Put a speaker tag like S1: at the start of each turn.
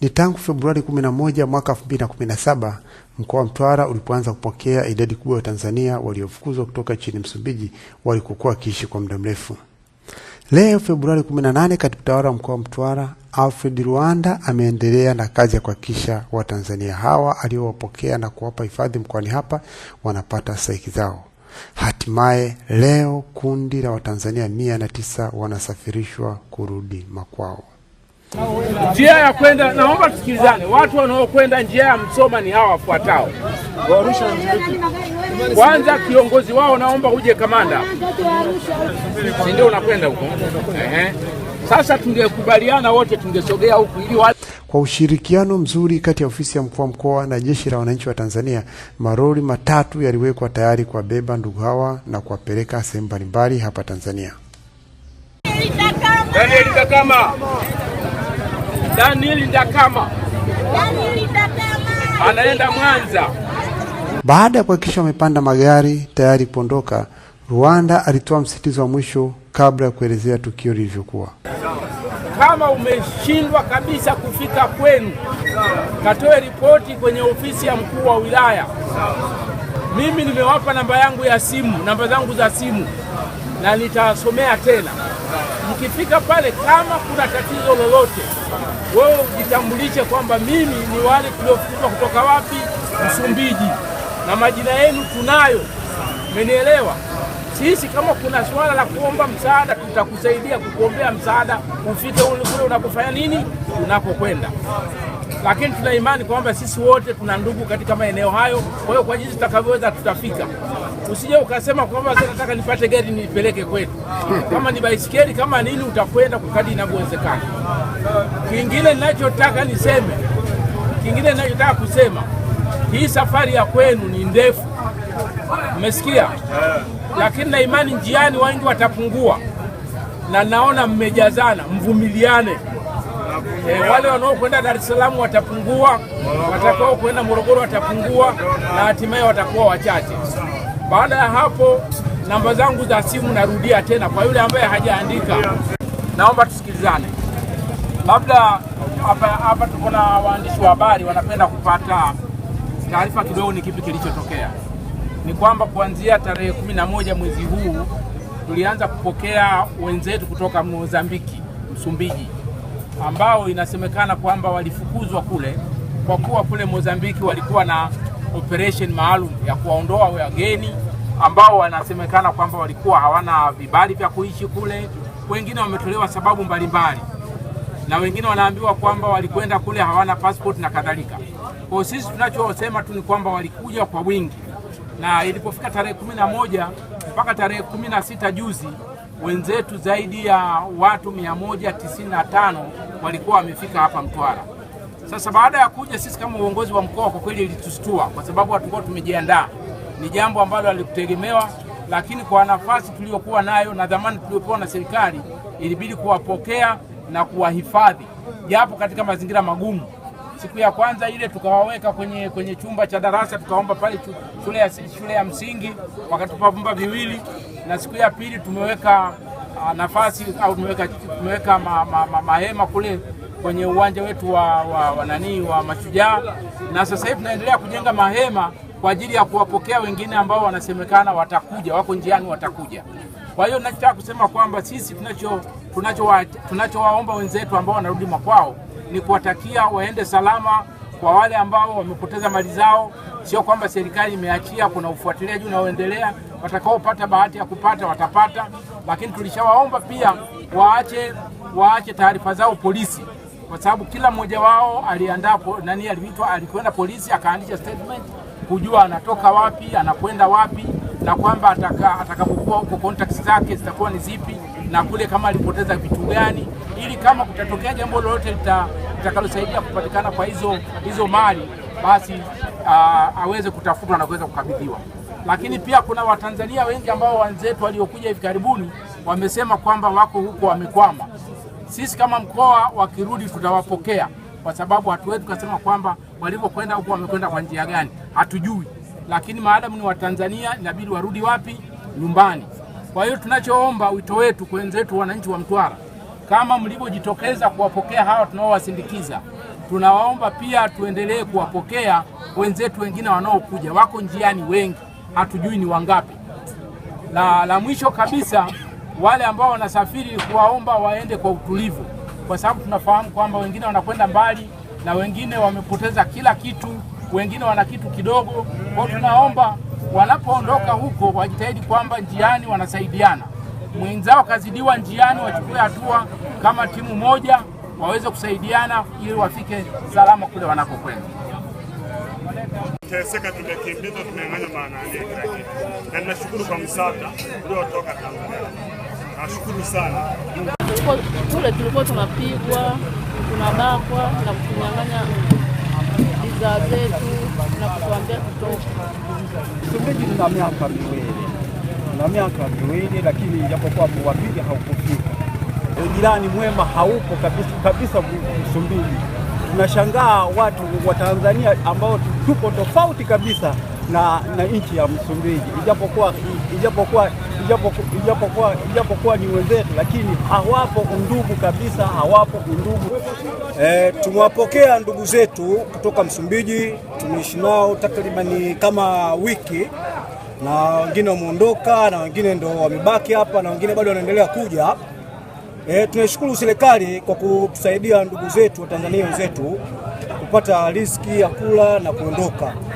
S1: Ni tangu Februari 11 mwaka 2017 mkoa wa Mtwara ulipoanza kupokea idadi kubwa ya Watanzania waliofukuzwa kutoka nchini Msumbiji walikokuwa wakiishi kwa muda mrefu. Leo Februari 18, katibu tawala wa mkoa wa Mtwara Alfred rwanda ameendelea na kazi ya kuhakikisha Watanzania hawa aliowapokea na kuwapa hifadhi mkoani hapa wanapata stahiki zao. Hatimaye leo kundi la Watanzania mia na tisa wanasafirishwa kurudi makwao.
S2: Njia ya kwenda, naomba tusikilizane. Watu wanaokwenda njia ya Msoma ni hawa wafuatao. Kwanza, kiongozi wao naomba uje kamanda, si ndio? Unakwenda huko ehe. Sasa tungekubaliana wote, tungesogea huku ili wale
S1: kwa ushirikiano mzuri kati ya ofisi ya mkuu wa mkoa na jeshi la wananchi wa Tanzania, maroli matatu yaliwekwa tayari kuwabeba ndugu hawa na kuwapeleka sehemu mbalimbali hapa Tanzania.
S2: Daniel Kakama Daniel Ndakama anaenda Mwanza.
S1: Baada ya kuhakikisha wamepanda magari tayari kuondoka Rwanda, alitoa msitizo wa mwisho kabla ya kuelezea tukio lilivyokuwa.
S2: Kama umeshindwa kabisa kufika kwenu, katoe ripoti kwenye ofisi ya mkuu wa wilaya. Mimi nimewapa namba yangu ya simu, namba zangu za simu, na nitasomea tena ukifika pale, kama kuna tatizo lolote, wewe ujitambulishe kwamba mimi ni wale tuliofukuzwa kutoka wapi, Msumbiji, na majina yenu tunayo. Mmenielewa? Sisi kama kuna swala la kuomba msaada, tutakusaidia kukuombea msaada ufike kule unakofanya nini, unakokwenda. Lakini tuna imani kwamba sisi wote tuna ndugu katika maeneo hayo, kwa hiyo kwa jinsi tutakavyoweza tutafika. Usije ukasema kwamba nataka nipate gari nipeleke kwetu. Kama ni baisikeli kama nini, utakwenda kwa inavyowezekana. Kingine ninachotaka niseme, kingine ninachotaka kusema, hii safari ya kwenu ni ndefu, mmesikia, lakini na imani njiani wengi watapungua, na naona mmejazana, mvumiliane. E, wale wanaokwenda Dar es Salaam watapungua, watakao kwenda Morogoro watapungua, na hatimaye watakuwa wachache. Baada ya hapo, namba zangu za simu narudia tena kwa yule ambaye hajaandika, naomba tusikilizane. Labda hapa tuko na waandishi wa habari wanapenda kupata taarifa kidogo, ni kipi kilichotokea. Ni kwamba kuanzia tarehe kumi na moja mwezi huu tulianza kupokea wenzetu kutoka Mozambiki, Msumbiji, ambao inasemekana kwamba walifukuzwa kule kwa kuwa kule Mozambiki walikuwa na operation maalum ya kuwaondoa wageni ambao wanasemekana kwamba walikuwa hawana vibali vya kuishi kule, wengine wametolewa sababu mbalimbali na wengine wanaambiwa kwamba walikwenda kule hawana passport na kadhalika. Kwa sisi tunachosema tu ni kwamba walikuja kwa wingi, na ilipofika tarehe kumi na moja mpaka tarehe kumi na sita juzi, wenzetu zaidi ya watu mia moja tisini na tano walikuwa wamefika hapa Mtwara. Sasa baada ya kuja sisi kama uongozi wa mkoa, kwa kweli ilitustua kwa sababu hatukuwa tumejiandaa. Ni jambo ambalo halikutegemewa, lakini kwa nafasi tuliyokuwa nayo na dhamana tuliyopewa na serikali, ilibidi kuwapokea na kuwahifadhi japo katika mazingira magumu. Siku ya kwanza ile tukawaweka kwenye, kwenye chumba cha darasa, tukaomba pale shule ya, shule ya msingi wakatupa vyumba viwili, na siku ya pili tumeweka ah, nafasi au tumeweka, tumeweka mahema ma, ma, ma, kule kwenye uwanja wetu wa, wa, wa nani wa Mashujaa, na sasa hivi tunaendelea kujenga mahema kwa ajili ya kuwapokea wengine ambao wanasemekana watakuja, wako njiani watakuja. Kwa hiyo ninachotaka kusema kwamba sisi tunacho tunachowaomba tunacho wenzetu ambao wanarudi makwao ni kuwatakia waende salama. Kwa wale ambao wamepoteza mali zao, sio kwamba serikali imeachia, kuna ufuatiliaji unaoendelea. Watakaopata bahati ya kupata watapata, lakini tulishawaomba pia waache waache taarifa zao polisi kwa sababu kila mmoja wao aliandaa nani, aliitwa alikwenda polisi akaandika statement kujua anatoka wapi anakwenda wapi na kwamba atakapokuwa huko contacts zake zitakuwa ni zipi na kule kama alipoteza vitu gani, ili kama kutatokea jambo lolote litakalosaidia kupatikana kwa hizo hizo mali basi aa, aweze kutafutwa na kuweza kukabidhiwa. Lakini pia kuna Watanzania wengi ambao wenzetu waliokuja hivi karibuni wamesema kwamba wako huko wamekwama. Sisi kama mkoa wakirudi, tutawapokea kwa sababu hatuwezi kasema kwamba walivyokwenda huko wamekwenda kwa njia gani, hatujui. Lakini maadamu ni Watanzania, inabidi warudi wapi? Nyumbani. Kwa hiyo tunachoomba, wito wetu kwa wenzetu wananchi wa Mtwara, kama mlivyojitokeza kuwapokea hawa tunaowasindikiza, tunawaomba pia tuendelee kuwapokea wenzetu wengine wanaokuja. Wako njiani wengi, hatujui ni wangapi. La, la mwisho kabisa wale ambao wanasafiri kuwaomba waende kwa utulivu, kwa sababu tunafahamu kwamba wengine wanakwenda mbali na wengine wamepoteza kila kitu, wengine wana kitu kidogo. Kwa tunaomba wanapoondoka huko wajitahidi kwamba njiani wanasaidiana, mwenzao kazidiwa njiani wachukue hatua kama timu moja, waweze kusaidiana ili wafike salama kule wanakokwenda. Tuteseka, tumekimbizwa, tumenyang'anywa maana yetu, na tunashukuru kwa msaada uliotoka Tanzania nashukuru sana. Kule tulikuwa tunapigwa, tunabakwa na kunyang'anya bidhaa zetu na kutuambia kutoka. Msumbiji tuna miaka miwili na miaka miwili, lakini japokuwa kuwapiga haukufika. Eh, jirani mwema haupo kabisa kabisa Msumbiji. Tunashangaa watu wa Tanzania ambao tupo tofauti kabisa na, na nchi ya Msumbiji ijapokuwa ijapokuwa ijapokuwa ijapokuwa ni wenzetu, lakini hawapo undugu kabisa, hawapo undugu. E, tumewapokea ndugu zetu kutoka Msumbiji, tumeishi nao takribani kama wiki, na wengine wameondoka na wengine ndo wamebaki hapa na wengine bado wanaendelea kuja. E, eh, tunashukuru serikali kwa kutusaidia ndugu zetu wa Tanzania wenzetu kupata riziki ya kula na kuondoka.